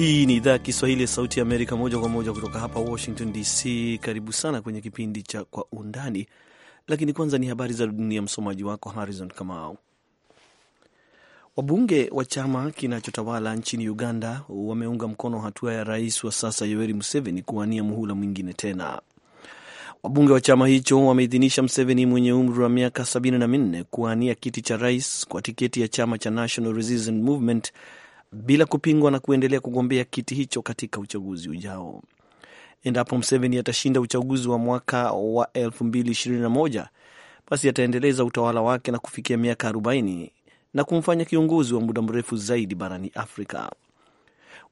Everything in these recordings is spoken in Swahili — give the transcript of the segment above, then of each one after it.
Hii ni idhaa ya Kiswahili ya Sauti ya Amerika, moja kwa moja kutoka hapa Washington DC. Karibu sana kwenye kipindi cha Kwa Undani, lakini kwanza ni habari za dunia. Msomaji wako Harrison Kamau. Wabunge wa chama kinachotawala nchini Uganda wameunga mkono hatua ya rais wa sasa Yoweri Museveni kuwania muhula mwingine tena. Wabunge wa chama hicho wameidhinisha mseveni mwenye umri wa miaka 74 kuwania kiti cha rais kwa tiketi ya chama cha National Resistance Movement bila kupingwa na kuendelea kugombea kiti hicho katika uchaguzi ujao. Endapo mseveni atashinda uchaguzi wa mwaka wa 2021 basi ataendeleza utawala wake na kufikia miaka 40 na kumfanya kiongozi wa muda mrefu zaidi barani Afrika.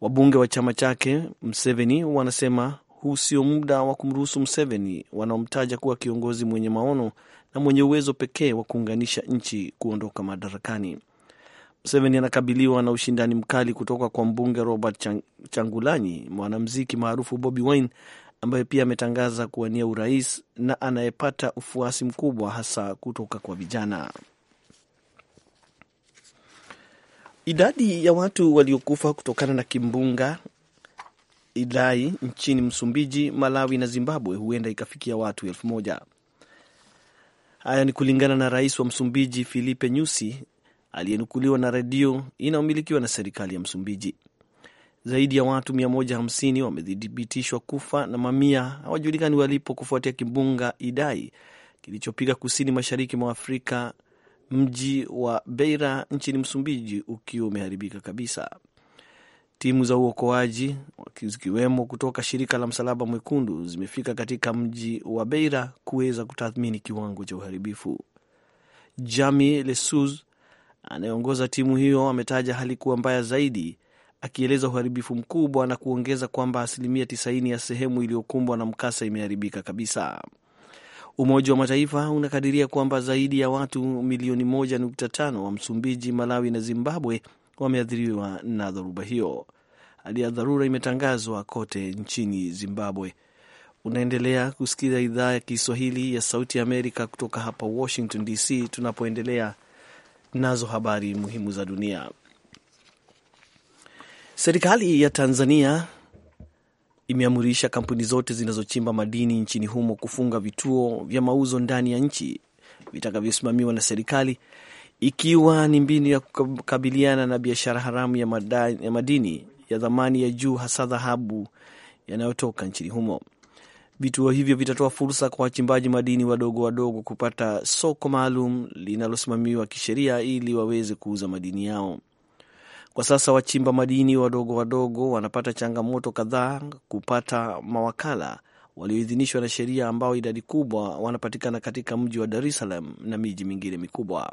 Wabunge wa chama chake mseveni wanasema huu sio muda wa kumruhusu mseveni wanaomtaja kuwa kiongozi mwenye maono na mwenye uwezo pekee wa kuunganisha nchi kuondoka madarakani. Museveni anakabiliwa na ushindani mkali kutoka kwa mbunge Robert Chang Changulanyi, mwanamziki maarufu Bobi Wine ambaye pia ametangaza kuwania urais na anayepata ufuasi mkubwa hasa kutoka kwa vijana. Idadi ya watu waliokufa kutokana na kimbunga Idai nchini Msumbiji, Malawi na Zimbabwe huenda ikafikia watu elfu moja. Haya ni kulingana na rais wa Msumbiji Filipe Nyusi aliyenukuliwa na redio inayomilikiwa na serikali ya Msumbiji. Zaidi ya watu 150 wamethibitishwa kufa na mamia hawajulikani walipo kufuatia kimbunga Idai kilichopiga kusini mashariki mwa Afrika, mji wa Beira nchini Msumbiji ukiwa umeharibika kabisa. Timu za uokoaji zikiwemo kutoka shirika la Msalaba Mwekundu zimefika katika mji wa Beira kuweza kutathmini kiwango cha uharibifu. Jami Lesuz anayeongoza timu hiyo ametaja hali kuwa mbaya zaidi, akieleza uharibifu mkubwa na kuongeza kwamba asilimia 90 ya sehemu iliyokumbwa na mkasa imeharibika kabisa. Umoja wa Mataifa unakadiria kwamba zaidi ya watu milioni 1.5 wa Msumbiji, Malawi na Zimbabwe wameathiriwa na dhoruba hiyo. Hali ya dharura imetangazwa kote nchini Zimbabwe. Unaendelea kusikiza idhaa ya Kiswahili ya Sauti ya Amerika kutoka hapa Washington DC, tunapoendelea nazo habari muhimu za dunia. Serikali ya Tanzania imeamurisha kampuni zote zinazochimba madini nchini humo kufunga vituo vya mauzo ndani ya nchi vitakavyosimamiwa na serikali, ikiwa ni mbinu ya kukabiliana na biashara haramu ya madini ya thamani ya juu, hasa dhahabu yanayotoka nchini humo. Vituo hivyo vitatoa fursa kwa wachimbaji madini wadogo wadogo kupata soko maalum linalosimamiwa kisheria ili waweze kuuza madini yao. Kwa sasa wachimba madini wadogo wadogo wanapata changamoto kadhaa kupata mawakala walioidhinishwa na sheria, ambao idadi kubwa wanapatikana katika mji wa Dar es Salaam na miji mingine mikubwa.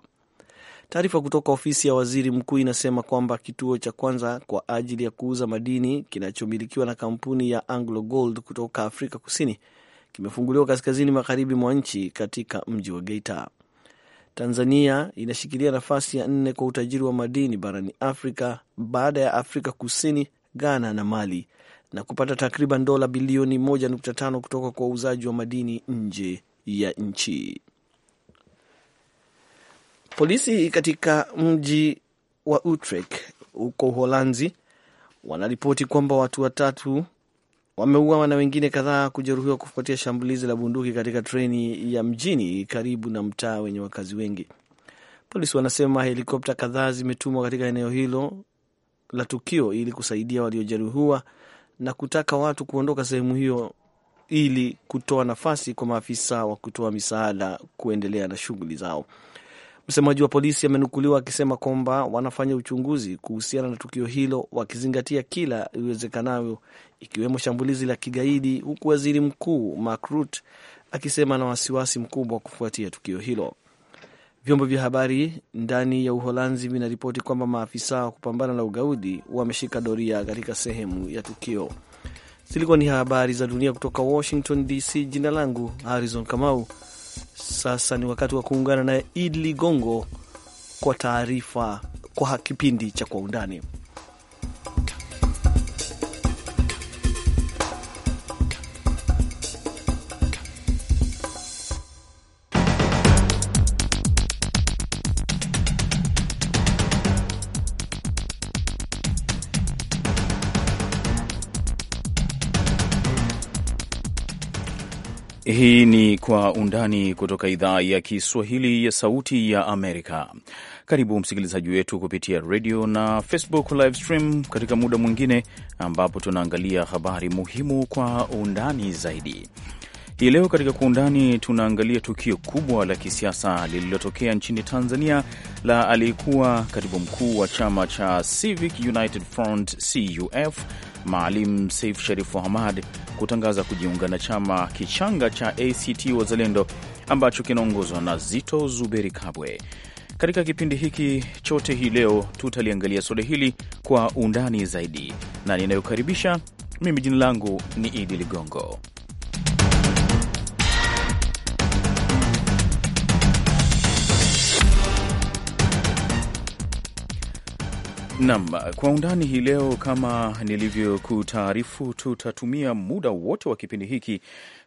Taarifa kutoka ofisi ya waziri mkuu inasema kwamba kituo cha kwanza kwa ajili ya kuuza madini kinachomilikiwa na kampuni ya Anglo Gold kutoka Afrika Kusini kimefunguliwa kaskazini magharibi mwa nchi katika mji wa Geita. Tanzania inashikilia nafasi ya nne kwa utajiri wa madini barani Afrika baada ya Afrika Kusini, Ghana na Mali na kupata takriban dola bilioni 1.5 kutoka kwa uuzaji wa madini nje ya nchi. Polisi katika mji wa Utrecht huko Uholanzi wanaripoti kwamba watu watatu wameuawa na wengine kadhaa kujeruhiwa kufuatia shambulizi la bunduki katika treni ya mjini karibu na mtaa wenye wakazi wengi. Polisi wanasema helikopta kadhaa zimetumwa katika eneo hilo la tukio ili kusaidia waliojeruhiwa na kutaka watu kuondoka sehemu hiyo ili kutoa nafasi kwa maafisa wa kutoa misaada kuendelea na shughuli zao. Msemaji wa polisi amenukuliwa akisema kwamba wanafanya uchunguzi kuhusiana na tukio hilo wakizingatia kila iwezekanavyo, ikiwemo shambulizi la kigaidi, huku waziri mkuu Mark Rutte akisema na wasiwasi mkubwa kufuatia tukio hilo. Vyombo vya habari ndani ya Uholanzi vinaripoti kwamba maafisa wa kupambana na ugaidi wameshika doria katika sehemu ya tukio. Zilikuwa ni habari za dunia kutoka Washington DC. Jina langu Harrison Kamau sasa ni wakati wa kuungana naye Idi Ligongo kwa taarifa kwa kipindi cha Kwa Undani. Hii ni Kwa Undani kutoka idhaa ya Kiswahili ya Sauti ya Amerika. Karibu msikilizaji wetu kupitia radio na Facebook live stream katika muda mwingine ambapo tunaangalia habari muhimu kwa undani zaidi. Hii leo katika Kwa Undani tunaangalia tukio kubwa la kisiasa lililotokea nchini Tanzania la aliyekuwa katibu mkuu wa chama cha Civic United Front CUF Maalim Seif Sharifu Hamad kutangaza kujiunga na chama kichanga cha ACT Wazalendo ambacho kinaongozwa na Zito Zuberi Kabwe. Katika kipindi hiki chote hii leo tutaliangalia suala hili kwa undani zaidi, na ninayokaribisha mimi, jina langu ni Idi Ligongo. nam kwa undani hii leo, kama nilivyokutaarifu, tutatumia muda wote wa kipindi hiki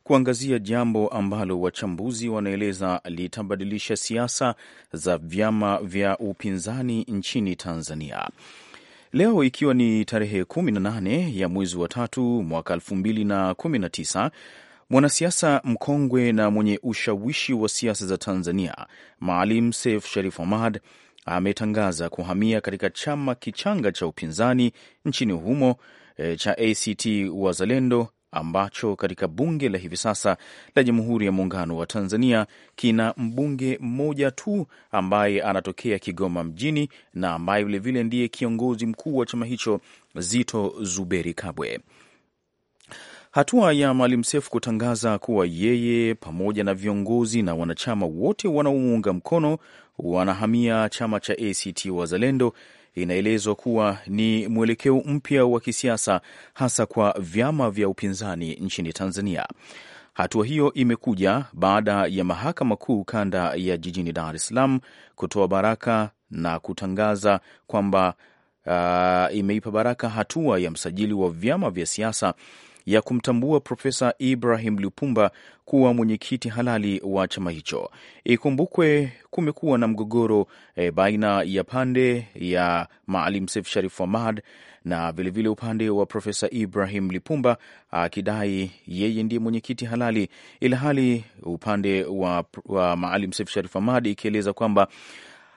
kuangazia jambo ambalo wachambuzi wanaeleza litabadilisha siasa za vyama vya upinzani nchini Tanzania. Leo ikiwa ni tarehe 18 ya mwezi wa tatu mwaka 2019 mwanasiasa mkongwe na mwenye ushawishi wa siasa za Tanzania Maalim Seif Sharif Hamad ametangaza kuhamia katika chama kichanga cha upinzani nchini humo e, cha ACT Wazalendo ambacho katika bunge la hivi sasa la Jamhuri ya Muungano wa Tanzania kina mbunge mmoja tu ambaye anatokea Kigoma mjini na ambaye vilevile ndiye kiongozi mkuu wa chama hicho Zito Zuberi Kabwe. Hatua ya Maalim Seif kutangaza kuwa yeye pamoja na viongozi na wanachama wote wanaomuunga mkono wanahamia chama cha ACT Wazalendo inaelezwa kuwa ni mwelekeo mpya wa kisiasa hasa kwa vyama vya upinzani nchini Tanzania. Hatua hiyo imekuja baada ya Mahakama Kuu kanda ya jijini Dar es Salaam kutoa baraka na kutangaza kwamba uh, imeipa baraka hatua ya msajili wa vyama vya siasa ya kumtambua Profesa Ibrahim Lipumba kuwa mwenyekiti halali wa chama hicho. Ikumbukwe kumekuwa na mgogoro e, baina ya pande ya Maalim Seif Sharif Hamad na vilevile upande wa Profesa Ibrahim Lipumba akidai yeye ndiye mwenyekiti halali, ila hali upande wa, wa Maalim Seif Sharif Hamad ikieleza kwamba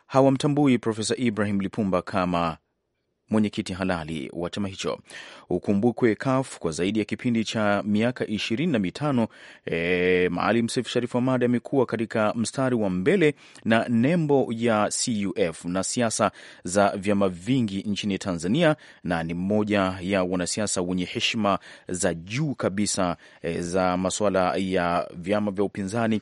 hawamtambui Profesa Ibrahim Lipumba kama mwenyekiti halali wa chama hicho. Ukumbukwe CUF kwa zaidi ya kipindi cha miaka ishirini na mitano e, Maalim Seif Sharif Hamad amekuwa katika mstari wa mbele na nembo ya CUF na siasa za vyama vingi nchini Tanzania, na ni mmoja ya wanasiasa wenye heshima za juu kabisa e, za masuala ya vyama vya upinzani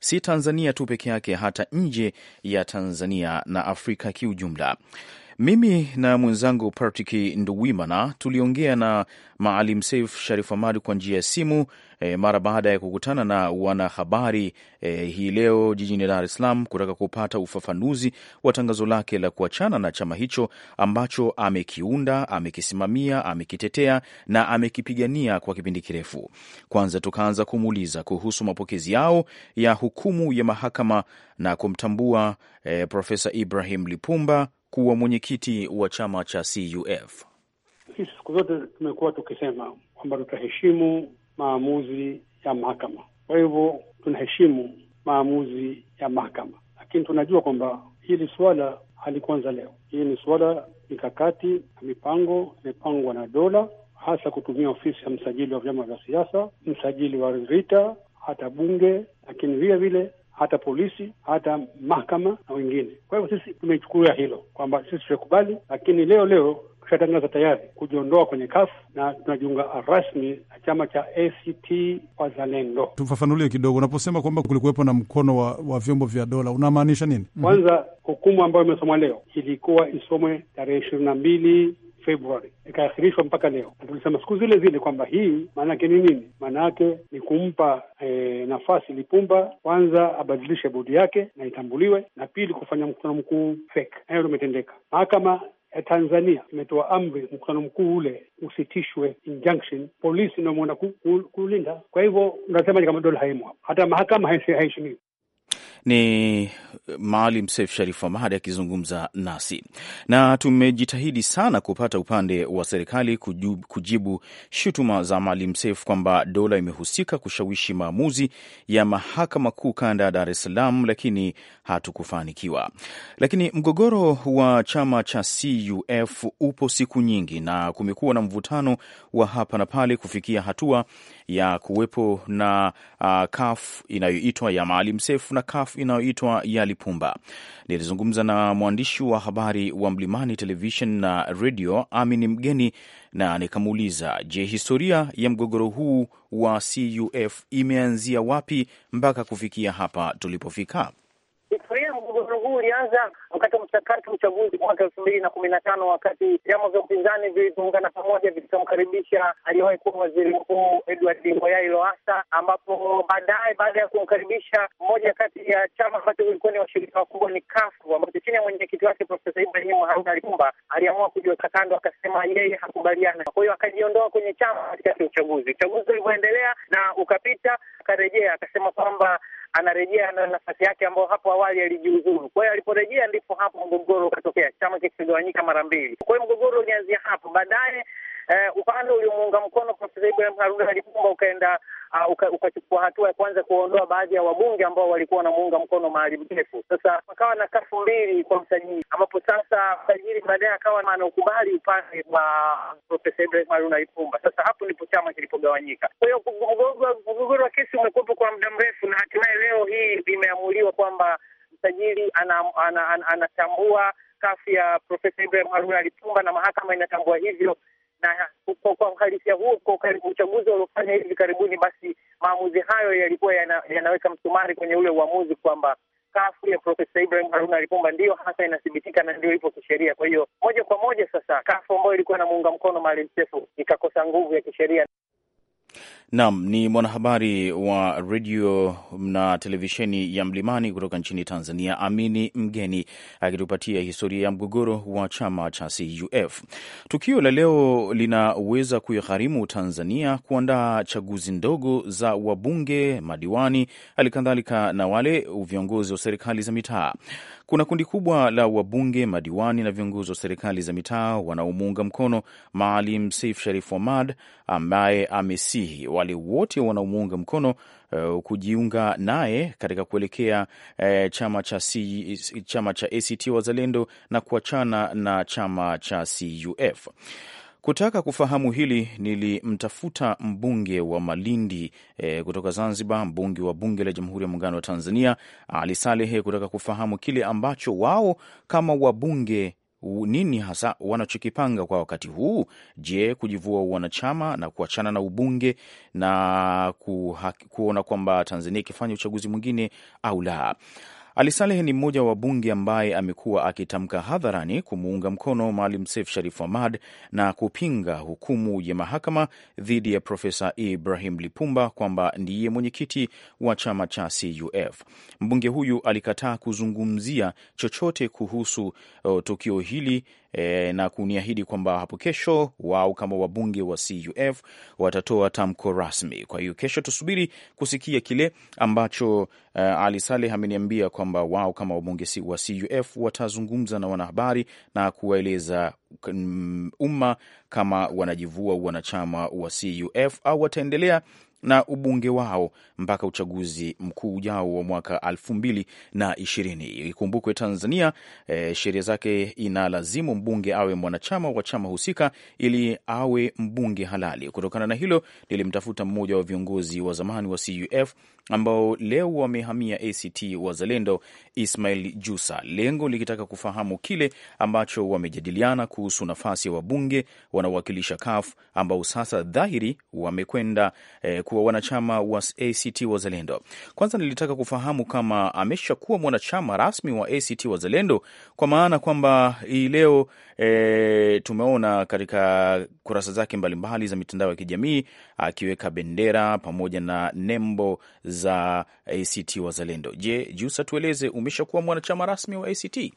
si Tanzania tu peke yake, hata nje ya Tanzania na Afrika kiujumla. Mimi na mwenzangu Patrick Nduwimana tuliongea na Maalim Seif Sharif Hamad kwa njia ya simu e, mara baada ya kukutana na wanahabari e, hii leo jijini Dar es Salaam kutaka kupata ufafanuzi wa tangazo lake la kuachana na chama hicho ambacho amekiunda, amekisimamia, amekitetea na amekipigania kwa kipindi kirefu. Kwanza tukaanza kumuuliza kuhusu mapokezi yao ya hukumu ya mahakama na kumtambua e, Profesa Ibrahim Lipumba kuwa mwenyekiti wa chama cha CUF? Sisi siku zote tumekuwa tukisema kwamba tutaheshimu maamuzi ya mahakama, kwa hivyo tunaheshimu maamuzi ya mahakama, lakini tunajua kwamba hili suala halikuanza leo. Hii ni suala mikakati na mipango imepangwa na dola, hasa kutumia ofisi ya msajili wa vyama vya siasa, msajili wa RITA, hata bunge, lakini vile vile hata polisi, hata mahakama na wengine. Kwa hivyo sisi tumechukulia hilo kwamba sisi tumekubali, lakini leo leo tushatangaza tayari kujiondoa kwenye kafu na tunajiunga rasmi na chama cha ACT Wazalendo. Tufafanulie kidogo, unaposema kwamba kulikuwepo na mkono wa, wa vyombo vya dola unamaanisha nini? Kwanza, hukumu ambayo imesomwa leo ilikuwa isomwe tarehe ishirini na mbili Februari ikaahirishwa mpaka leo, tulisema siku zile zile kwamba hii maanake ni nini? Maana ni kumpa e, nafasi Lipumba kwanza abadilishe bodi yake na itambuliwe, na pili kufanya mkutano mkuu fake. Hayo limetendeka. Mahakama ya Tanzania imetoa amri mkutano mkuu ule usitishwe, injunction. Polisi ndio kulinda Kwa hivyo ni kama dola haimo hapo? Hata mahakama haiheshimiwi. Ni Maalim Seif Sharif Hamad akizungumza nasi. Na tumejitahidi sana kupata upande wa serikali kujibu, kujibu shutuma za Maalim Seif kwamba dola imehusika kushawishi maamuzi ya mahakama kuu kanda ya Dar es Salaam, lakini hatukufanikiwa. Lakini mgogoro wa chama cha CUF upo siku nyingi na kumekuwa na mvutano wa hapa na pale kufikia hatua ya kuwepo na uh, kaf inayoitwa ya Maalim Seif na inayoitwa ya Lipumba. Nilizungumza na mwandishi wa habari wa Mlimani Televishen na redio Amini Mgeni na nikamuuliza, je, historia ya mgogoro huu wa CUF imeanzia wapi mpaka kufikia hapa tulipofika? huu ulianza wakati wa mchakato uchaguzi mwaka elfu mbili na kumi na tano wakati vyama vya upinzani vilivyoungana pamoja vikamkaribisha aliyewahi kuwa waziri mkuu Edward Ngoyai Lowassa, ambapo baadaye baada ya kumkaribisha moja kati ya chama ambacho kilikuwa ni washirika wakubwa ni kafu ambacho chini ya mwenyekiti wake Profesa Ibrahimu Haruna Lipumba aliamua kujiweka kando, akasema yeye hakubaliana. Kwa hiyo akajiondoa kwenye chama katikati ya uchaguzi. Uchaguzi ulivyoendelea na ukapita, akarejea akasema kwamba anarejea na nafasi yake ambayo hapo awali alijiuzuru. Kwa hiyo aliporejea ndipo hapo mgogoro ukatokea, chama kikigawanyika mara mbili. Kwa hiyo mgogoro ulianzia hapo, baadaye eh, upande uliomuunga mkono Profesa Ibrahim Haruna Lipumba ukaenda uh, uka, ukachukua hatua ya kwanza kuondoa baadhi ya wabunge ambao walikuwa wanamuunga mkono mahali mrefu. Sasa pakawa na kafu mbili kwa msajili, ambapo sasa msajili baadaye akawa anaukubali upande wa Profesa Ibrahim Haruna Lipumba. Sasa hapo ndipo chama kilipogawanyika. Kwa hiyo mgogoro wa kesi umekuwepo kwa muda mrefu, na hatimaye leo hii imeamuliwa kwamba msajili anatambua ana, ana, ana, ana kafu ya Profesa Ibrahim Haruna Lipumba na mahakama inatambua hivyo na kwa uhalisia huo, kwa uchaguzi waliofanya hivi karibuni, basi maamuzi hayo yalikuwa yana, yanaweka msumari kwenye ule uamuzi kwamba kafu ya Profesa Ibrahim Haruna Lipumba ndiyo hasa inathibitika na ndio ipo kisheria. Kwa hiyo moja kwa moja sasa kafu ambayo ilikuwa na muunga mkono Maalim Seif ikakosa nguvu ya kisheria. Naam, ni mwanahabari wa redio na televisheni ya Mlimani kutoka nchini Tanzania, Amini Mgeni akitupatia historia ya mgogoro wa chama cha CUF. Tukio la leo linaweza kuigharimu Tanzania kuandaa chaguzi ndogo za wabunge, madiwani, halikadhalika na wale viongozi wa serikali za mitaa. Kuna kundi kubwa la wabunge, madiwani na viongozi wa serikali za mitaa wanaomuunga mkono Maalim Seif Sharif Hamad, ambaye amesihi wale wote wanaomuunga mkono uh, kujiunga naye katika kuelekea uh, chama cha chama cha ACT Wazalendo na kuachana na chama cha CUF. Kutaka kufahamu hili nilimtafuta mbunge wa Malindi e, kutoka Zanzibar, mbunge wa bunge la Jamhuri ya Muungano wa Tanzania Ali Salehe, kutaka kufahamu kile ambacho wao kama wabunge nini hasa wanachokipanga kwa wakati huu. Je, kujivua wanachama na kuachana na ubunge na kuona kwamba Tanzania ikifanya uchaguzi mwingine au la? Ali Saleh ni mmoja wa bunge ambaye amekuwa akitamka hadharani kumuunga mkono Maalim Seif Sharif amad na kupinga hukumu ya mahakama dhidi ya Profesa Ibrahim Lipumba kwamba ndiye mwenyekiti wa chama cha CUF. Mbunge huyu alikataa kuzungumzia chochote kuhusu uh, tukio hili e, na kuniahidi kwamba hapo kesho wao kama wabunge wa CUF watatoa tamko rasmi. Kwa hiyo kesho tusubiri kusikia kile ambacho uh, Ali Saleh ameniambia kwamba wao kama wabunge wa CUF watazungumza na wanahabari na kuwaeleza mm, umma kama wanajivua wanachama wa CUF au wataendelea na ubunge wao mpaka uchaguzi mkuu ujao wa mwaka elfu mbili na ishirini. Ikumbukwe Tanzania e, sheria zake inalazimu mbunge awe mwanachama wa chama husika ili awe mbunge halali. Kutokana na hilo, nilimtafuta mmoja wa viongozi wa zamani wa CUF ambao leo wamehamia ACT Wazalendo, Ismail Jusa, lengo likitaka kufahamu kile ambacho wamejadiliana kuhusu nafasi ya wabunge wanaowakilisha CUF ambao sasa dhahiri wamekwenda e, kuwa wanachama wa ACT Wazalendo. Kwanza nilitaka kufahamu kama ameshakuwa mwanachama rasmi wa ACT Wazalendo, kwa maana kwamba hii leo e, tumeona katika kurasa zake mbalimbali mbali za mitandao ya kijamii akiweka bendera pamoja na nembo za ACT Wazalendo. Je, Jusa, tueleze umeshakuwa mwanachama rasmi wa ACT?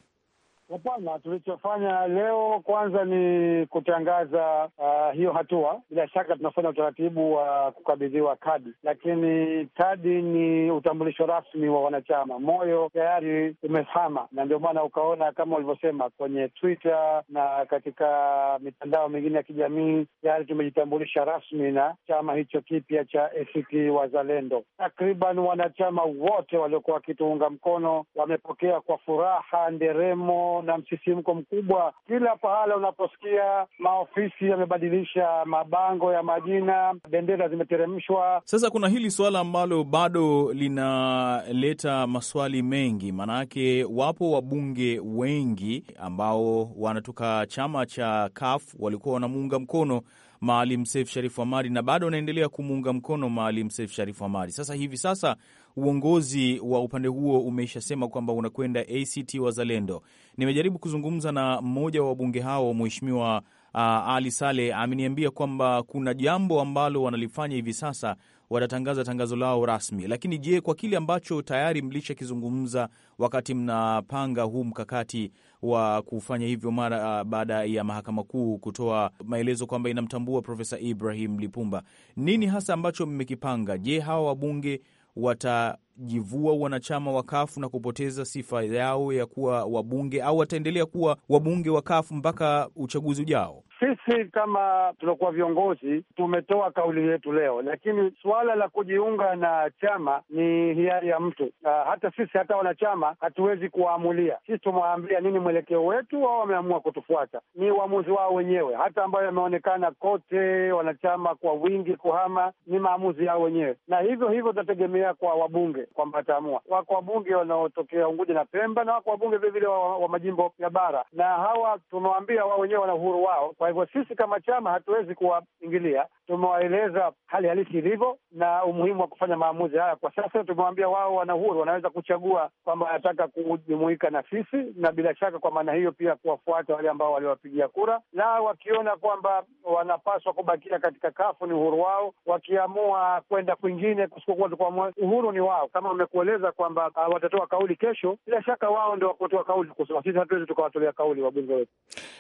Hapana, tulichofanya leo kwanza ni kutangaza uh, hiyo hatua. Bila shaka tunafanya utaratibu wa uh, kukabidhiwa kadi, lakini kadi ni utambulisho rasmi wa wanachama. Moyo tayari umehama, na ndio maana ukaona kama ulivyosema kwenye Twitter na katika mitandao mingine ya kijamii, tayari tumejitambulisha rasmi na chama hicho kipya cha ACT Wazalendo. Takriban wanachama wote waliokuwa wakituunga mkono wamepokea kwa furaha nderemo na msisimko mkubwa. Kila pahala unaposikia maofisi yamebadilisha mabango ya majina, bendera zimeteremshwa. Sasa kuna hili suala ambalo bado linaleta maswali mengi, maanake wapo wabunge wengi ambao wanatoka chama cha CUF walikuwa wanamuunga mkono Maalim Seif Sharif Hamad na bado wanaendelea kumuunga mkono Maalim Seif Sharif Hamad. Sasa hivi sasa uongozi wa upande huo umeshasema kwamba unakwenda ACT Wazalendo. Nimejaribu kuzungumza na mmoja wa wabunge hao, mheshimiwa uh, Ali Saleh, ameniambia kwamba kuna jambo ambalo wanalifanya hivi sasa, watatangaza tangazo lao rasmi. Lakini je, kwa kile ambacho tayari mlishakizungumza wakati mnapanga huu mkakati wa kufanya hivyo mara uh, baada ya mahakama kuu kutoa maelezo kwamba inamtambua Profesa Ibrahim Lipumba, nini hasa ambacho mmekipanga? Je, hawa wabunge wata watajivua wanachama wa kafu na kupoteza sifa yao ya kuwa wabunge au wataendelea kuwa wabunge wa kafu mpaka uchaguzi ujao? Sisi kama tunakuwa viongozi tumetoa kauli yetu leo, lakini suala la kujiunga na chama ni hiari ya mtu. Uh, hata sisi hata wanachama hatuwezi kuwaamulia. Sisi tumewaambia nini mwelekeo wetu, wao wameamua kutufuata, ni uamuzi wao wenyewe. Hata ambayo yameonekana kote wanachama kwa wingi kuhama, ni maamuzi yao wenyewe, na hivyo hivyo tutategemea kwa wabunge kwamba wataamua. Wako wabunge wanaotokea Unguja na Pemba na wako wabunge vilevile wa, wa majimbo ya bara, na hawa tumewaambia wao wenyewe wana uhuru wao. Kwa hivyo sisi kama chama hatuwezi kuwaingilia, tumewaeleza hali halisi ilivyo na umuhimu wa kufanya maamuzi haya kwa sasa. Tumewaambia wao wana uhuru, wanaweza kuchagua kwamba wanataka kujumuika na sisi, na bila shaka kwa maana hiyo pia kuwafuata wale ambao waliwapigia kura, na wakiona kwamba wanapaswa kubakia katika kafu ni uhuru wao, wakiamua kwenda kwingine kusipokuwa uhuru ni wao kama wamekueleza kwamba uh, watatoa kauli kesho, bila shaka wao ndio wakutoa kauli kusema, sisi hatuwezi tukawatolea kauli wabunge wetu.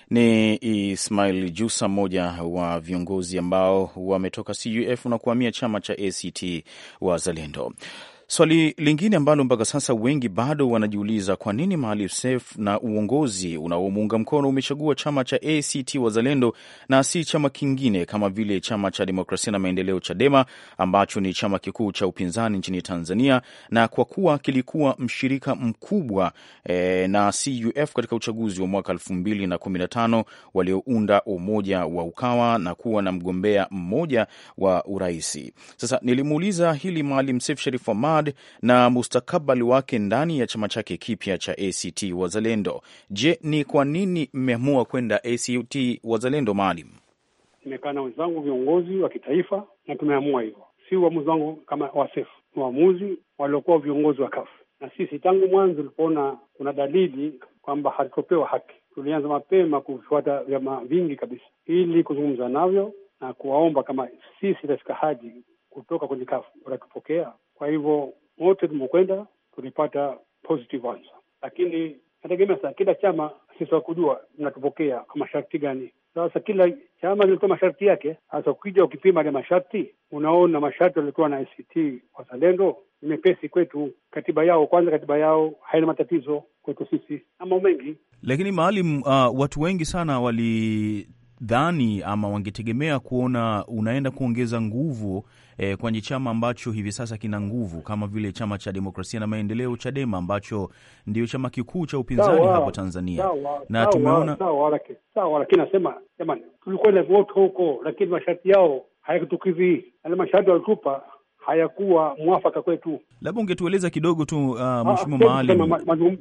Ni Ismail Jusa, mmoja wa viongozi ambao wametoka CUF na kuhamia chama cha ACT Wazalendo. Swali lingine ambalo mpaka sasa wengi bado wanajiuliza, kwa nini Maalim Seif na uongozi unaomuunga mkono umechagua chama cha ACT Wazalendo na si chama kingine kama vile chama cha demokrasia na maendeleo CHADEMA ambacho ni chama kikuu cha upinzani nchini Tanzania, na kwa kuwa kilikuwa mshirika mkubwa e, na CUF katika uchaguzi wa mwaka 2015 waliounda umoja wa Ukawa na kuwa na mgombea mmoja wa uraisi. Sasa nilimuuliza hili Maalim Seif Sharif Hamad Chad na mustakabali wake ndani ya chama chake kipya cha ACT Wazalendo. Je, ni kwa nini mmeamua kwenda ACT Wazalendo, Maalim? Nimekaa na wenzangu viongozi wa kitaifa na tumeamua hivyo, si uamuzi wangu kama wasefu, uamuzi waliokuwa viongozi wa kafu na sisi tangu mwanzo tulipoona kuna dalili kwamba hatutopewa haki, tulianza mapema kufuata vyama vingi kabisa ili kuzungumza navyo na kuwaomba kama sisi tafika haji kutoka kwenye kafu watatupokea, kwa hivyo wote tumekwenda tulipata positive answer, lakini nategemea sasa, kila chama sisi wakujua mnatupokea kwa masharti gani. Sasa kila chama kinatoa masharti yake. Sasa ukija ukipima ile masharti, unaona masharti waliokuwa na ACT Wazalendo ni mepesi kwetu. Katiba yao kwanza, katiba yao haina matatizo kwetu sisi, mambo mengi. Lakini Maalim, uh, watu wengi sana wali dhani ama wangetegemea kuona unaenda kuongeza nguvu eh, kwenye chama ambacho hivi sasa kina nguvu kama vile chama cha demokrasia na maendeleo CHADEMA ambacho ndio chama kikuu cha upinzani hapo Tanzania na tumeona sawa, lakini nasema jamani, vote huko, lakini masharti yao hayakutukivi yale yaani masharti walitupa hayakuwa mwafaka kwetu. Labda ungetueleza kidogo tu uh, ah, mheshimiwa Maalim,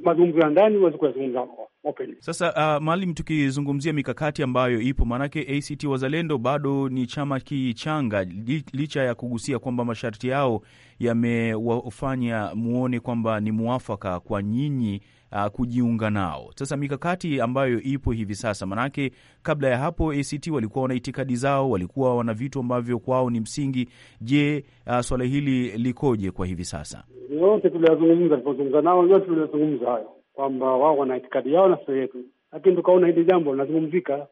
mazungumzo ya ndani huwezi kuyazungumza open. Sasa uh, Maalim, tukizungumzia mikakati ambayo ipo, maanake ACT Wazalendo bado ni chama kichanga, licha ya kugusia kwamba masharti yao yamewafanya muone kwamba ni mwafaka kwa nyinyi uh, kujiunga nao. Sasa mikakati ambayo ipo hivi sasa, manake kabla ya hapo ACT walikuwa wana itikadi zao, walikuwa wana vitu ambavyo kwao ni msingi. Je, uh, swala hili likoje kwa hivi sasa? Yote tuliyazungumza tulipozungumza nao, yote tuliyozungumza hayo kwamba wao wana itikadi yao na sio yetu, lakini tukaona hili jambo linazungumzika,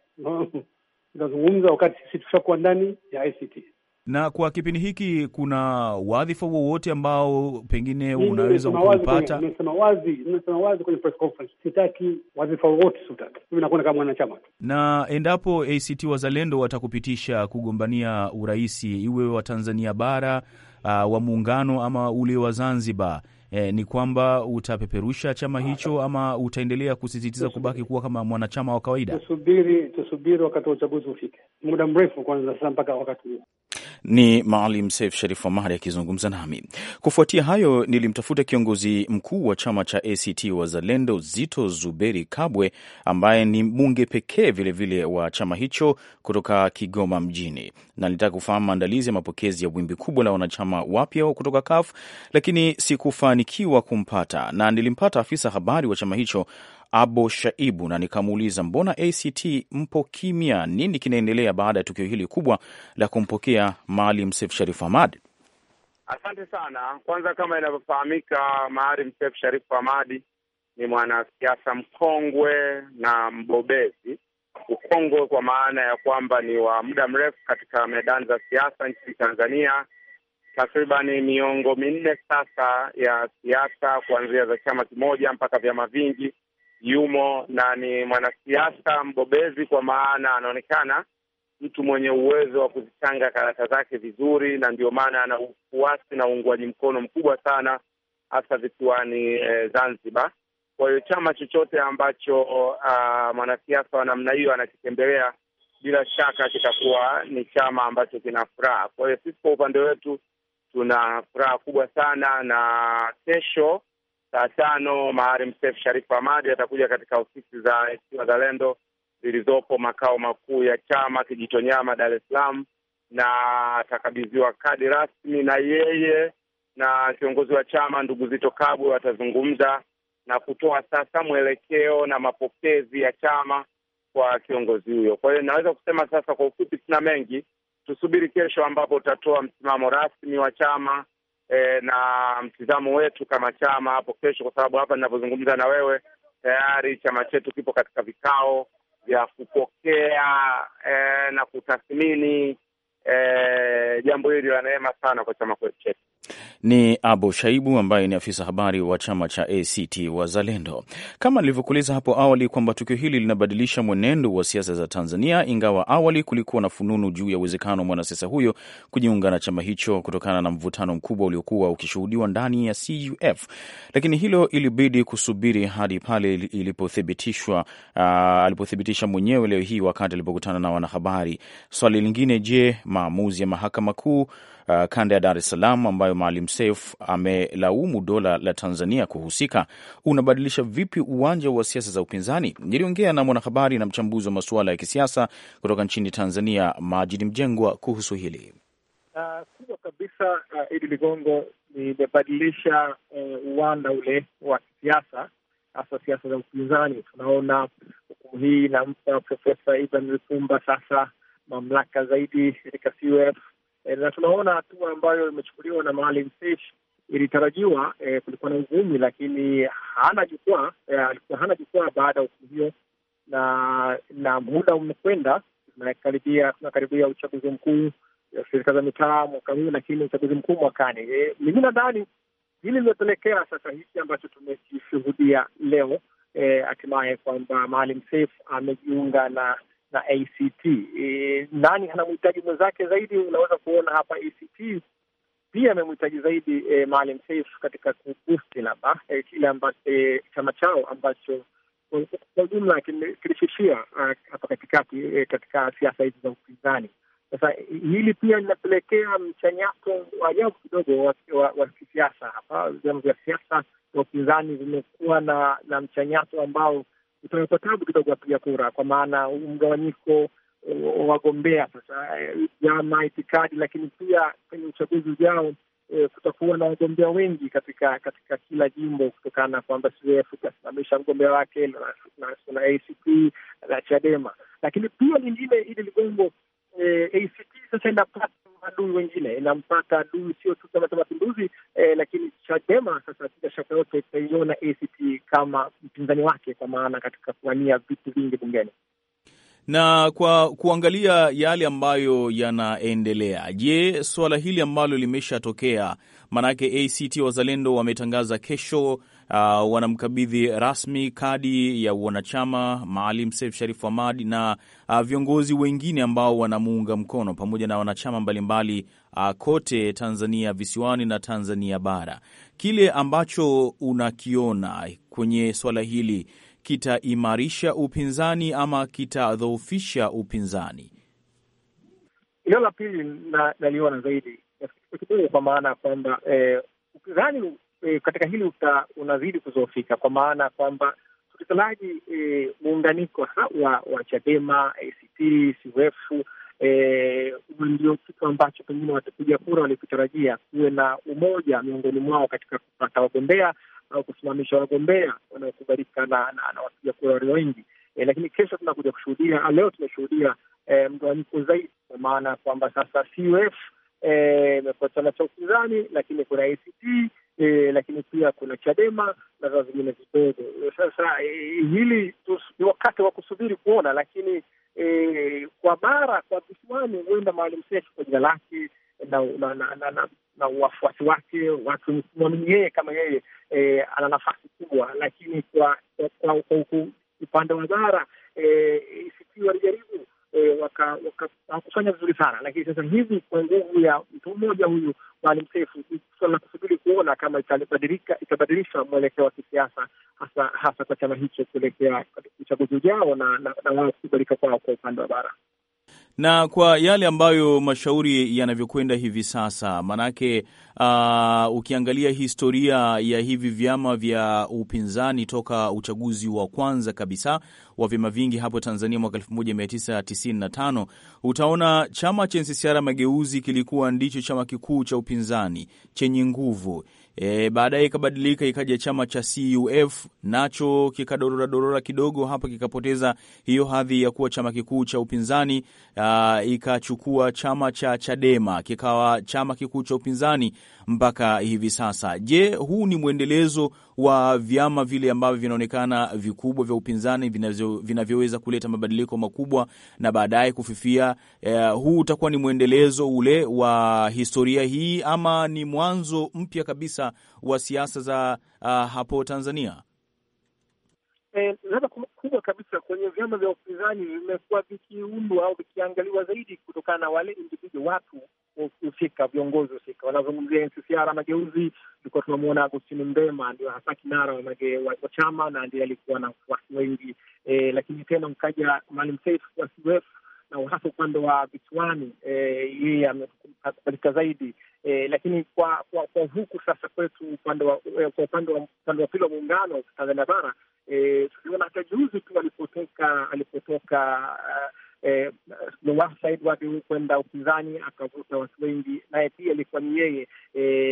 linazungumza wakati sisi tushakuwa ndani ya ACT. Na kwa kipindi hiki kuna wadhifa wowote ambao pengine unaweza kupata? Nimesema wazi, nimesema wazi kwenye press conference, sitaki wadhifa wowote, sitaki. Mimi nakwenda kama mwanachama tu. Na endapo ACT Wazalendo watakupitisha kugombania urais, iwe wa Tanzania bara, uh, wa muungano ama ule wa Zanzibar, E, ni kwamba utapeperusha chama hicho ama utaendelea kusisitiza kubaki kuwa kama mwanachama wa kawaida? Tusubiri, tusubiri wakati wa uchaguzi ufike, muda mrefu kwanza, sasa mpaka wakati huo. Ni Maalim Seif Sharif Amari akizungumza nami. Kufuatia hayo, nilimtafuta kiongozi mkuu wa chama cha ACT Wazalendo Zito Zuberi Kabwe, ambaye ni mbunge pekee vilevile wa chama hicho kutoka Kigoma mjini, na nilitaka kufahamu maandalizi ya mapokezi ya wimbi kubwa la wanachama wapya kutoka CUF, lakini sikufanikiwa kumpata, na nilimpata afisa habari wa chama hicho Abo Shaibu, na nikamuuliza mbona ACT mpo kimya, nini kinaendelea baada ya tukio hili kubwa la kumpokea Maalim Seif Sharif Hamad? Asante sana. Kwanza, kama inavyofahamika, Maalim Seif Sharif Hamad ni mwanasiasa mkongwe na mbobezi. Ukongwe kwa maana ya kwamba ni wa muda mrefu katika medani za siasa nchini Tanzania, takribani miongo minne sasa ya siasa, kuanzia za chama kimoja mpaka vyama vingi yumo na ni mwanasiasa mbobezi, kwa maana anaonekana mtu mwenye uwezo wa kuzichanga karata zake vizuri, na ndio maana ana ufuasi na uungwaji mkono mkubwa sana hasa visiwani e, Zanzibar. Kwa hiyo chama chochote ambacho uh, mwanasiasa wa namna hiyo anakitembelea bila shaka kitakuwa ni chama ambacho kina furaha. Kwa hiyo sisi kwa upande wetu tuna furaha kubwa sana, na kesho Saa tano Maalim Seif Sharif Hamad atakuja katika ofisi za ACT Wazalendo zilizopo makao makuu ya chama Kijitonyama, Dar es Salaam, na atakabidhiwa kadi rasmi na yeye na kiongozi wa chama ndugu Zito Kabwe watazungumza na kutoa sasa mwelekeo na mapokezi ya chama kwa kiongozi huyo. Kwa hiyo naweza kusema sasa kwa ufupi, sina mengi, tusubiri kesho ambapo utatoa msimamo rasmi wa chama e, na mtizamo wetu kama chama hapo kesho, kwa sababu hapa ninavyozungumza na wewe tayari chama chetu kipo katika vikao vya kupokea e, na kutathmini e, jambo hili la neema sana kwa chama chetu. Ni Abu Shaibu ambaye ni afisa habari wa chama cha ACT Wazalendo. Kama nilivyokueleza hapo awali kwamba tukio hili linabadilisha mwenendo wa siasa za Tanzania, ingawa awali kulikuwa na fununu juu ya uwezekano wa mwanasiasa huyo kujiunga na chama hicho kutokana na mvutano mkubwa uliokuwa ukishuhudiwa ndani ya CUF, lakini hilo ilibidi kusubiri hadi pale ilipothibitishwa, uh, alipothibitisha mwenyewe leo hii wakati alipokutana na wanahabari. Swali lingine, je, maamuzi ya mahakama kuu Uh, kanda ya Dar es Salaam ambayo Maalim Seif amelaumu dola la Tanzania kuhusika, unabadilisha vipi uwanja wa siasa za upinzani? Niliongea na mwanahabari na mchambuzi wa masuala ya kisiasa kutoka nchini Tanzania, Majidi Mjengwa, kuhusu hili. Uh, kubwa kabisa uh, Idi Ligongo, limebadilisha uh, uwanda uh, ule wa kisiasa hasa siasa za upinzani. Tunaona hukumu hii inampa Profesa Ivan Lipumba sasa mamlaka zaidi katika CUF e, na tunaona hatua ambayo imechukuliwa na Maalim Seif ilitarajiwa. E, kulikuwa na uvumi, lakini hana jukwaa eh, alikuwa hana jukwaa baada ya hukumu hiyo, na na muda umekwenda, tunakaribia uchaguzi mkuu serikali za mitaa mwaka huu, lakini uchaguzi mkuu mwakani. E, mimi nadhani hili limepelekea sasa hiki ambacho tumekishuhudia leo hatimaye, e, kwamba Maalim Seif amejiunga na na ACT. E, nani anamhitaji mwenzake zaidi? Unaweza kuona hapa ACT pia amemhitaji zaidi e, Maalim Seif katika kubusti labda e, kile amba, e, chama chao ambacho kwa ujumla kilishishia hapa katikati e, katika siasa hizi za upinzani. Sasa hili pia linapelekea mchanyato wa ajabu kidogo wa, wa, wa kisiasa hapa. Vyama vya siasa vya upinzani vimekuwa na, na mchanyato ambao itawekwa tabu kidogo wapiga kura, kwa maana mgawanyiko eh, wagombea sasa, eh, vyama, itikadi, lakini pia kwenye uchaguzi ujao e, kutakuwa na wagombea wengi katika katika kila jimbo, kutokana na kwamba CUF itasimamisha mgombea wake na, na, na ACT na Chadema. Lakini pia lingine, ili ligongo eh, ACT sasa inapata adui wengine, inampata adui sio tu Chama cha Mapinduzi eh, lakini Chadema sasa bila shaka yote itaiona ACT kama mpinzani wake, kwa maana katika kuwania vitu vingi bungeni na kwa kuangalia yale ambayo yanaendelea, je, suala hili ambalo limeshatokea, maanake ACT Wazalendo wametangaza kesho uh, wanamkabidhi rasmi kadi ya wanachama Maalim Seif Sharif Hamad na uh, viongozi wengine ambao wanamuunga mkono pamoja na wanachama mbalimbali mbali, uh, kote Tanzania visiwani na Tanzania bara. Kile ambacho unakiona kwenye swala hili kitaimarisha upinzani ama kitadhoofisha upinzani? Hilo la pili naliona zaidi kwa maana ya kwamba eh, upinzani e, katika hili unazidi kuzofika kwa maana kwamba utekelezaji e, muunganiko wa, wa Chadema, ACT, CUF e, ndio kitu ambacho pengine watapiga kura walikutarajia kuwe na umoja miongoni mwao katika kupata wagombea au kusimamisha wagombea wanaokubalika na, na, na wapiga kura walio wengi e, lakini kesho tunakuja kushuhudia, leo tumeshuhudia e, mgawanyiko zaidi, kwa maana kwamba sasa CUF e, imekuwa chama cha upinzani, lakini kuna ACT e, lakini pia kuna Chadema na vyama vingine vidogo. Sasa e, hili ni wakati wa kusubiri kuona, lakini e, kwa bara kwa visiwani huenda Maalim Seif kwa jina lake na na, na, na, na, na wafuasi wake watu mwamini yeye kama yeye e, ana nafasi kubwa, lakini kwa kwa upande wa bara isikii walijaribu waka, vizuri sana, lakini sasa hivi kwa nguvu ya mtu mmoja huyu Maalim Seif suala la kuona kama itabadilika, itabadilisha mwelekeo wa kisiasa hasa hasa kwa chama hicho kuelekea uchaguzi ujao na wao kukubalika kwao kwa upande wa bara na kwa yale ambayo mashauri yanavyokwenda hivi sasa, manake uh, ukiangalia historia ya hivi vyama vya upinzani toka uchaguzi wa kwanza kabisa wa vyama vingi hapo Tanzania mwaka 1995 utaona chama cha NCCR Mageuzi kilikuwa ndicho chama kikuu cha upinzani chenye nguvu E, baadaye ikabadilika ikaja chama cha CUF nacho kikadorora dorora kidogo hapa, kikapoteza hiyo hadhi ya kuwa chama kikuu cha upinzani uh, ikachukua chama cha Chadema kikawa chama kikuu cha upinzani mpaka hivi sasa. Je, huu ni mwendelezo wa vyama vile ambavyo vinaonekana vikubwa vya upinzani vinavyoweza kuleta mabadiliko makubwa na baadaye kufifia? Eh, huu utakuwa ni mwendelezo ule wa historia hii ama ni mwanzo mpya kabisa wa siasa za uh, hapo Tanzania? Eh, laba kubwa kabisa kwenye vyama vya upinzani vimekuwa vikiundwa au vikiangaliwa zaidi kutokana na wale individu watu husika, viongozi husika. Wanazungumzia NCCR Mageuzi, tulikuwa tunamwona Agostini Mrema ndio hasa kinara wa, wa chama na ndiye alikuwa na wafuasi wengi e, lakini tena mkaja Maalim Seif wa CUF na hasa upande wa visiwani eh, yeye amekubalika zaidi e, lakini kwa kwa, kwa huku sasa kwetu upande wa upande wa pili wa muungano Tanzania bara Eh, tuliona hata juzi tu alipotoka alipotoka Lowassa eh, eh, Said kwenda upinzani akavuta watu wengi, naye pia alikuwa ni yeye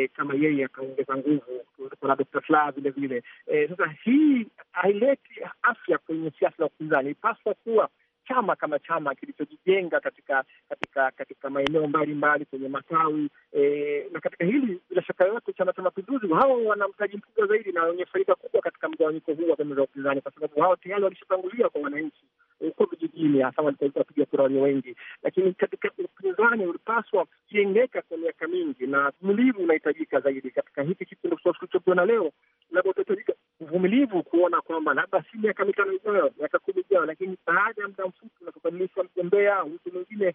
kama yeye akaongeza nguvu. Kuna Dr. Fla vile vile. Sasa hii haileti afya kwenye siasa za upinzani, ipaswa kuwa chama kama chama kilichojijenga katika katika katika maeneo mbalimbali kwenye matawi e, na katika hili bila shaka yote Chama cha Mapinduzi hawa wana mtaji mkubwa zaidi na wenye faida kubwa katika mgawanyiko huu wa vyama vya upinzani, kwa sababu hao tayari walishatangulia kwa wananchi huko vijijini, hasa walitakiwa wapiga kura walio wengi, lakini katika upinzani ulipaswa kuengeka kwa miaka mingi, na vumilivu unahitajika zaidi katika hiki kipindi tulichokiona leo. Labda utahitajika uvumilivu kuona kwamba labda si miaka mitano ijayo, miaka kumi ijayo, lakini baada ya muda mfupi unapobadilishwa mgombea, mtu mwingine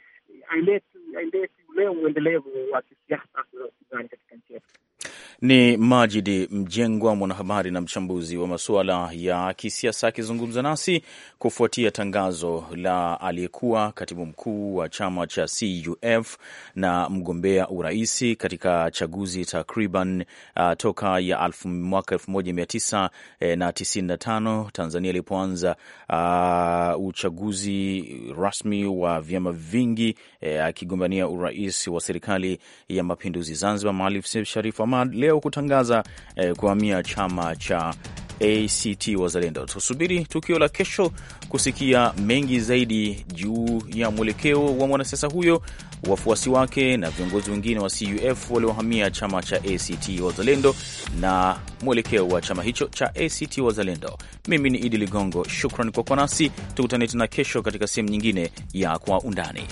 aileti uleo uendelevu wa kisiasa katika nchi yetu. Ni Majidi Mjengwa, mwanahabari na mchambuzi wa masuala ya kisiasa, akizungumza nasi kufuatia tangazo la aliyekuwa katibu mkuu wa chama cha CUF na mgombea uraisi katika chaguzi takriban uh, toka ya mwaka 1995 eh, Tanzania ilipoanza uh, uchaguzi rasmi wa vyama vingi, eh, akigombania uh, urais wa serikali ya mapinduzi Zanzibar, Maalim Seif Sharif Amar leo kutangaza eh, kuhamia chama cha ACT Wazalendo. Tusubiri tukio la kesho kusikia mengi zaidi juu ya mwelekeo wa mwanasiasa huyo, wafuasi wake na viongozi wengine wa CUF waliohamia chama cha ACT Wazalendo na mwelekeo wa chama hicho cha ACT Wazalendo. Mimi ni Idi Ligongo, shukran kwa kuwa nasi. Tukutane tena kesho katika sehemu nyingine ya Kwa Undani.